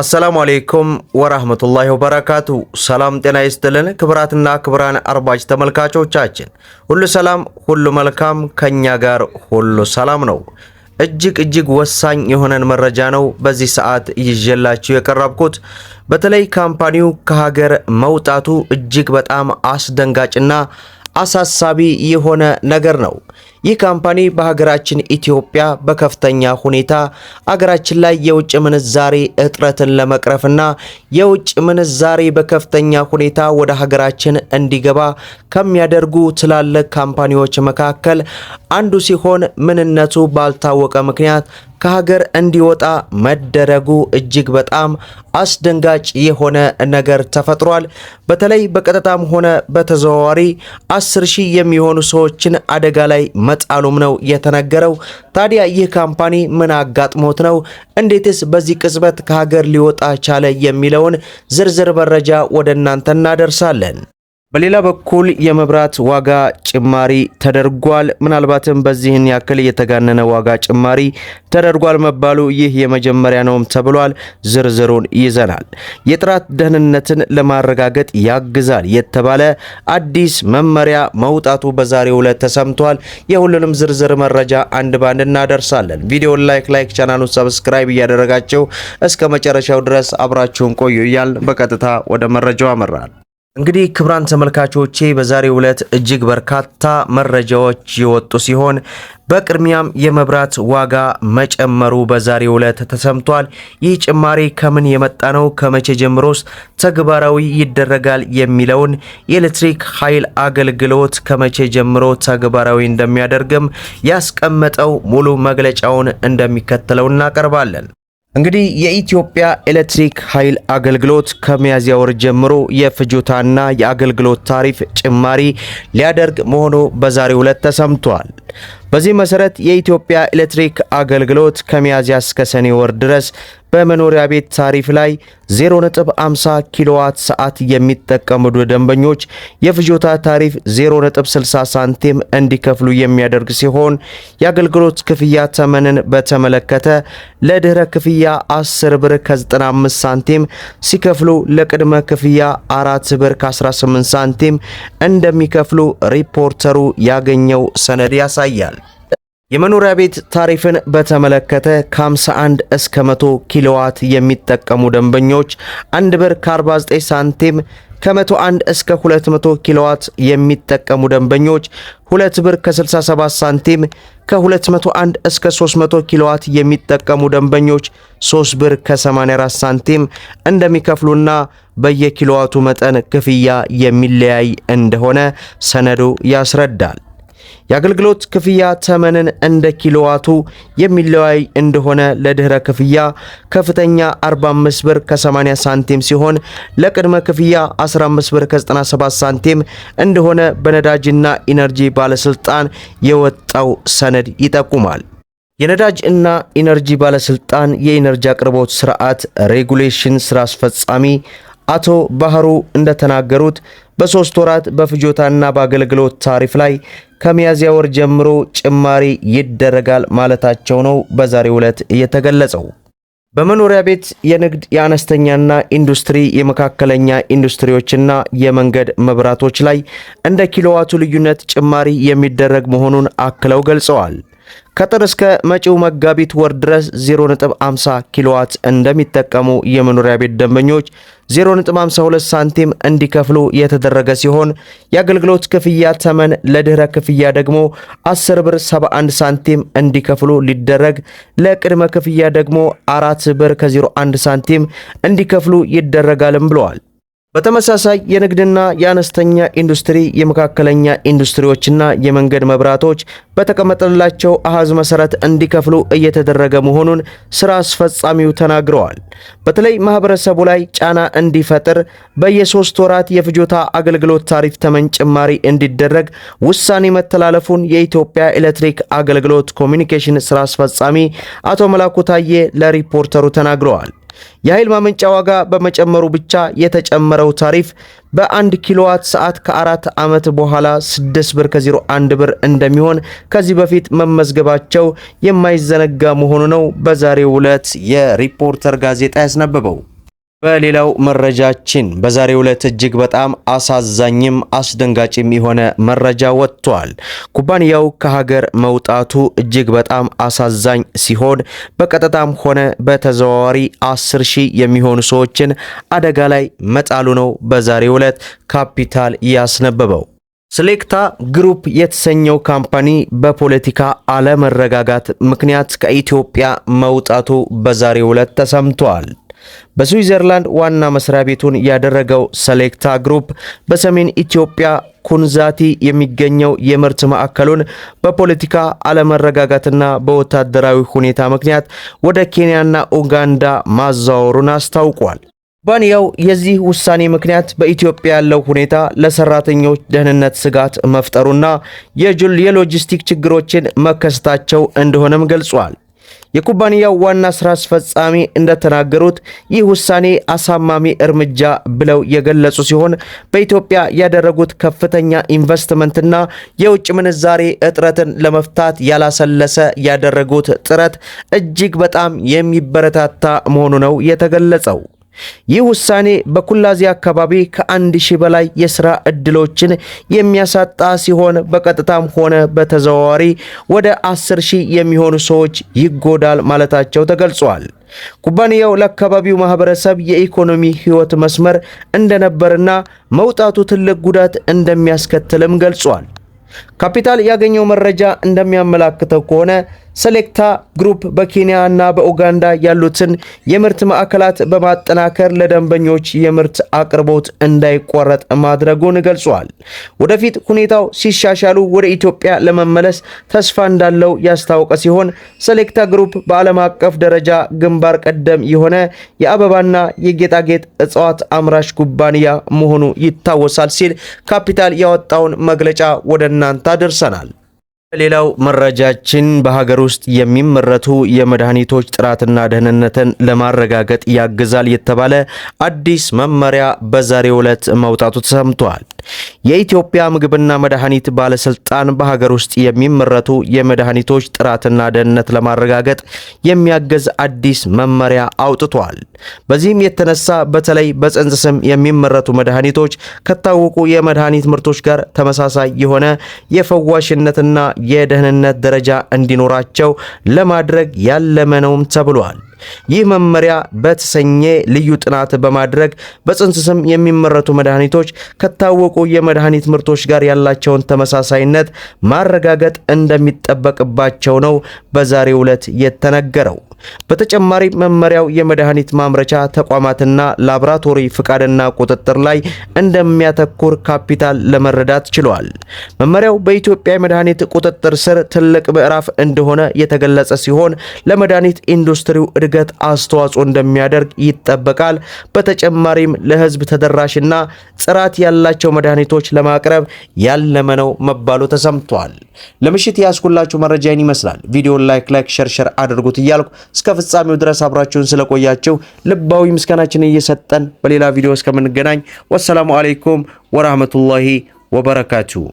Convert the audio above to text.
አሰላሙ አሌይኩም ወራህመቱላሂ ወበረካቱ። ሰላም ጤና ይስጥልን ክብራትና ክብራን አርባጅ ተመልካቾቻችን ሁሉ ሰላም፣ ሁሉ መልካም፣ ከኛ ጋር ሁሉ ሰላም ነው። እጅግ እጅግ ወሳኝ የሆነን መረጃ ነው በዚህ ሰዓት ይዤላችሁ የቀረብኩት። በተለይ ካምፓኒው ከሀገር መውጣቱ እጅግ በጣም አስደንጋጭና አሳሳቢ የሆነ ነገር ነው። ይህ ካምፓኒ በሀገራችን ኢትዮጵያ በከፍተኛ ሁኔታ አገራችን ላይ የውጭ ምንዛሬ እጥረትን ለመቅረፍና የውጭ ምንዛሬ በከፍተኛ ሁኔታ ወደ ሀገራችን እንዲገባ ከሚያደርጉ ትላልቅ ካምፓኒዎች መካከል አንዱ ሲሆን ምንነቱ ባልታወቀ ምክንያት ከሀገር እንዲወጣ መደረጉ እጅግ በጣም አስደንጋጭ የሆነ ነገር ተፈጥሯል። በተለይ በቀጥታም ሆነ በተዘዋዋሪ አስር ሺህ የሚሆኑ ሰዎችን አደጋ ላይ መጣሉም ነው የተነገረው። ታዲያ ይህ ካምፓኒ ምን አጋጥሞት ነው? እንዴትስ በዚህ ቅጽበት ከሀገር ሊወጣ ቻለ? የሚለውን ዝርዝር መረጃ ወደ እናንተ እናደርሳለን። በሌላ በኩል የመብራት ዋጋ ጭማሪ ተደርጓል። ምናልባትም በዚህን ያክል የተጋነነ ዋጋ ጭማሪ ተደርጓል መባሉ ይህ የመጀመሪያ ነውም ተብሏል። ዝርዝሩን ይዘናል። የጥራት ደህንነትን ለማረጋገጥ ያግዛል የተባለ አዲስ መመሪያ መውጣቱ በዛሬው ዕለት ተሰምቷል። የሁሉንም ዝርዝር መረጃ አንድ ባንድ እናደርሳለን። ቪዲዮን ላይክ ላይክ ቻናሉን ሰብስክራይብ እያደረጋቸው እስከ መጨረሻው ድረስ አብራችሁን ቆዩ እያልን በቀጥታ ወደ መረጃው አመራል። እንግዲህ ክብራን ተመልካቾቼ በዛሬው ዕለት እጅግ በርካታ መረጃዎች የወጡ ሲሆን በቅድሚያም የመብራት ዋጋ መጨመሩ በዛሬው ዕለት ተሰምቷል። ይህ ጭማሪ ከምን የመጣ ነው? ከመቼ ጀምሮስ ተግባራዊ ይደረጋል? የሚለውን የኤሌክትሪክ ኃይል አገልግሎት ከመቼ ጀምሮ ተግባራዊ እንደሚያደርግም ያስቀመጠው ሙሉ መግለጫውን እንደሚከተለው እናቀርባለን። እንግዲህ የኢትዮጵያ ኤሌክትሪክ ኃይል አገልግሎት ከሚያዝያ ወር ጀምሮ የፍጆታና የአገልግሎት ታሪፍ ጭማሪ ሊያደርግ መሆኑ በዛሬው ዕለት ተሰምቷል። በዚህ መሰረት የኢትዮጵያ ኤሌክትሪክ አገልግሎት ከሚያዝያ እስከ ሰኔ ወር ድረስ በመኖሪያ ቤት ታሪፍ ላይ 0.50 ኪሎዋት ሰዓት የሚጠቀሙ ደንበኞች የፍጆታ ታሪፍ 0.60 ሳንቲም እንዲከፍሉ የሚያደርግ ሲሆን የአገልግሎት ክፍያ ተመንን በተመለከተ ለድህረ ክፍያ 10 ብር ከ95 ሳንቲም ሲከፍሉ ለቅድመ ክፍያ 4 ብር ከ18 ሳንቲም እንደሚከፍሉ ሪፖርተሩ ያገኘው ሰነድ ያሳያል። የመኖሪያ ቤት ታሪፍን በተመለከተ ከ51 እስከ 100 ኪሎዋት የሚጠቀሙ ደንበኞች 1 ብር ከ49 ሳንቲም፣ ከ101 እስከ 200 ኪሎዋት የሚጠቀሙ ደንበኞች 2 ብር ከ67 ሳንቲም፣ ከ201 እስከ 300 ኪሎዋት የሚጠቀሙ ደንበኞች 3 ብር ከ84 ሳንቲም እንደሚከፍሉና በየኪሎዋቱ መጠን ክፍያ የሚለያይ እንደሆነ ሰነዱ ያስረዳል። የአገልግሎት ክፍያ ተመንን እንደ ኪሎዋቱ የሚለዋይ እንደሆነ ለድኅረ ክፍያ ከፍተኛ 45 ብር ከ80 ሳንቲም ሲሆን ለቅድመ ክፍያ 15 ብር ከ97 ሳንቲም እንደሆነ በነዳጅና ኢነርጂ ባለስልጣን የወጣው ሰነድ ይጠቁማል። የነዳጅ እና ኢነርጂ ባለስልጣን የኢነርጂ አቅርቦት ስርዓት ሬጉሌሽን ስራ አስፈጻሚ አቶ ባህሩ እንደተናገሩት በሶስት ወራት በፍጆታና በአገልግሎት ታሪፍ ላይ ከሚያዝያ ወር ጀምሮ ጭማሪ ይደረጋል ማለታቸው ነው በዛሬው ዕለት የተገለጸው። በመኖሪያ ቤት፣ የንግድ፣ የአነስተኛና ኢንዱስትሪ፣ የመካከለኛ ኢንዱስትሪዎችና የመንገድ መብራቶች ላይ እንደ ኪሎዋቱ ልዩነት ጭማሪ የሚደረግ መሆኑን አክለው ገልጸዋል። ከጥር እስከ መጪው መጋቢት ወር ድረስ 0.50 ኪሎዋት እንደሚጠቀሙ የመኖሪያ ቤት ደንበኞች 0.52 ሳንቲም እንዲከፍሉ የተደረገ ሲሆን የአገልግሎት ክፍያ ተመን ለድህረ ክፍያ ደግሞ 10 ብር 71 ሳንቲም እንዲከፍሉ ሊደረግ ለቅድመ ክፍያ ደግሞ 4 ብር ከ01 ሳንቲም እንዲከፍሉ ይደረጋልም ብለዋል። በተመሳሳይ የንግድና የአነስተኛ ኢንዱስትሪ፣ የመካከለኛ ኢንዱስትሪዎችና የመንገድ መብራቶች በተቀመጠላቸው አሃዝ መሰረት እንዲከፍሉ እየተደረገ መሆኑን ስራ አስፈጻሚው ተናግረዋል። በተለይ ማህበረሰቡ ላይ ጫና እንዲፈጥር በየሶስት ወራት የፍጆታ አገልግሎት ታሪፍ ተመን ጭማሪ እንዲደረግ ውሳኔ መተላለፉን የኢትዮጵያ ኤሌክትሪክ አገልግሎት ኮሚኒኬሽን ስራ አስፈጻሚ አቶ መላኩ ታዬ ለሪፖርተሩ ተናግረዋል። የኃይል ማመንጫ ዋጋ በመጨመሩ ብቻ የተጨመረው ታሪፍ በ1 ኪሎዋት ሰዓት ከአራት ዓመት በኋላ 6 ብር ከ01 ብር እንደሚሆን ከዚህ በፊት መመዝገባቸው የማይዘነጋ መሆኑ ነው በዛሬው ዕለት የሪፖርተር ጋዜጣ ያስነበበው። በሌላው መረጃችን በዛሬው ዕለት እጅግ በጣም አሳዛኝም አስደንጋጭም የሆነ መረጃ ወጥቷል። ኩባንያው ከሀገር መውጣቱ እጅግ በጣም አሳዛኝ ሲሆን በቀጥታም ሆነ በተዘዋዋሪ አስር ሺህ የሚሆኑ ሰዎችን አደጋ ላይ መጣሉ ነው በዛሬው ዕለት ካፒታል ያስነበበው። ስሌክታ ግሩፕ የተሰኘው ካምፓኒ በፖለቲካ አለመረጋጋት ምክንያት ከኢትዮጵያ መውጣቱ በዛሬው ዕለት ተሰምቷል። በስዊዘርላንድ ዋና መስሪያ ቤቱን ያደረገው ሰሌክታ ግሩፕ በሰሜን ኢትዮጵያ ኩንዛቲ የሚገኘው የምርት ማዕከሉን በፖለቲካ አለመረጋጋትና በወታደራዊ ሁኔታ ምክንያት ወደ ኬንያና ኡጋንዳ ማዛወሩን አስታውቋል። ኩባንያው የዚህ ውሳኔ ምክንያት በኢትዮጵያ ያለው ሁኔታ ለሰራተኞች ደህንነት ስጋት መፍጠሩና የሎጂስቲክ ችግሮችን መከሰታቸው እንደሆነም ገልጿል። የኩባንያው ዋና ስራ አስፈጻሚ እንደተናገሩት ይህ ውሳኔ አሳማሚ እርምጃ ብለው የገለጹ ሲሆን በኢትዮጵያ ያደረጉት ከፍተኛ ኢንቨስትመንትና የውጭ ምንዛሬ እጥረትን ለመፍታት ያላሰለሰ ያደረጉት ጥረት እጅግ በጣም የሚበረታታ መሆኑ ነው የተገለጸው። ይህ ውሳኔ በኩላዜ አካባቢ ከአንድ ሺህ በላይ የሥራ ዕድሎችን የሚያሳጣ ሲሆን በቀጥታም ሆነ በተዘዋዋሪ ወደ አስር ሺህ የሚሆኑ ሰዎች ይጎዳል ማለታቸው ተገልጿል። ኩባንያው ለአካባቢው ማህበረሰብ የኢኮኖሚ ሕይወት መስመር እንደነበርና መውጣቱ ትልቅ ጉዳት እንደሚያስከትልም ገልጿል። ካፒታል ያገኘው መረጃ እንደሚያመላክተው ከሆነ ሰሌክታ ግሩፕ በኬንያ እና በኡጋንዳ ያሉትን የምርት ማዕከላት በማጠናከር ለደንበኞች የምርት አቅርቦት እንዳይቆረጥ ማድረጉን ገልጿል። ወደፊት ሁኔታው ሲሻሻሉ ወደ ኢትዮጵያ ለመመለስ ተስፋ እንዳለው ያስታወቀ ሲሆን ሰሌክታ ግሩፕ በዓለም አቀፍ ደረጃ ግንባር ቀደም የሆነ የአበባና የጌጣጌጥ እጽዋት አምራች ኩባንያ መሆኑ ይታወሳል ሲል ካፒታል ያወጣውን መግለጫ ወደ እናንተ አድርሰናል። ሌላው መረጃችን በሀገር ውስጥ የሚመረቱ የመድኃኒቶች ጥራትና ደህንነትን ለማረጋገጥ ያግዛል የተባለ አዲስ መመሪያ በዛሬው ዕለት መውጣቱ ተሰምቷል። የኢትዮጵያ ምግብና መድኃኒት ባለስልጣን በሀገር ውስጥ የሚመረቱ የመድኃኒቶች ጥራትና ደህንነት ለማረጋገጥ የሚያግዝ አዲስ መመሪያ አውጥቷል። በዚህም የተነሳ በተለይ በጽንስ ስም የሚመረቱ መድኃኒቶች ከታወቁ የመድኃኒት ምርቶች ጋር ተመሳሳይ የሆነ የፈዋሽነትና የደህንነት ደረጃ እንዲኖራቸው ለማድረግ ያለመ ነውም ተብሏል። ይህ መመሪያ በተሰኘ ልዩ ጥናት በማድረግ በጽንስ ስም የሚመረቱ መድኃኒቶች ከታወቁ የመድኃኒት ምርቶች ጋር ያላቸውን ተመሳሳይነት ማረጋገጥ እንደሚጠበቅባቸው ነው በዛሬው ዕለት የተነገረው። በተጨማሪ መመሪያው የመድኃኒት ማምረቻ ተቋማትና ላብራቶሪ ፍቃድና ቁጥጥር ላይ እንደሚያተኩር ካፒታል ለመረዳት ችሏል። መመሪያው በኢትዮጵያ የመድኃኒት ቁጥጥር ስር ትልቅ ምዕራፍ እንደሆነ የተገለጸ ሲሆን ለመድኃኒት ኢንዱስትሪው እድገት አስተዋጽኦ እንደሚያደርግ ይጠበቃል። በተጨማሪም ለህዝብ ተደራሽና ጥራት ያላቸው መድኃኒቶች ለማቅረብ ያለመ ነው መባሉ ተሰምቷል። ለምሽት ያስኩላችሁ መረጃን ይመስላል። ቪዲዮን ላይክ ላይክ ሸርሸር አድርጉት እያልኩ እስከ ፍጻሜው ድረስ አብራችሁን ስለቆያችሁ ልባዊ ምስጋናችን እየሰጠን በሌላ ቪዲዮ እስከምንገናኝ ወሰላሙ አሌይኩም ወራህመቱላሂ ወበረካቱ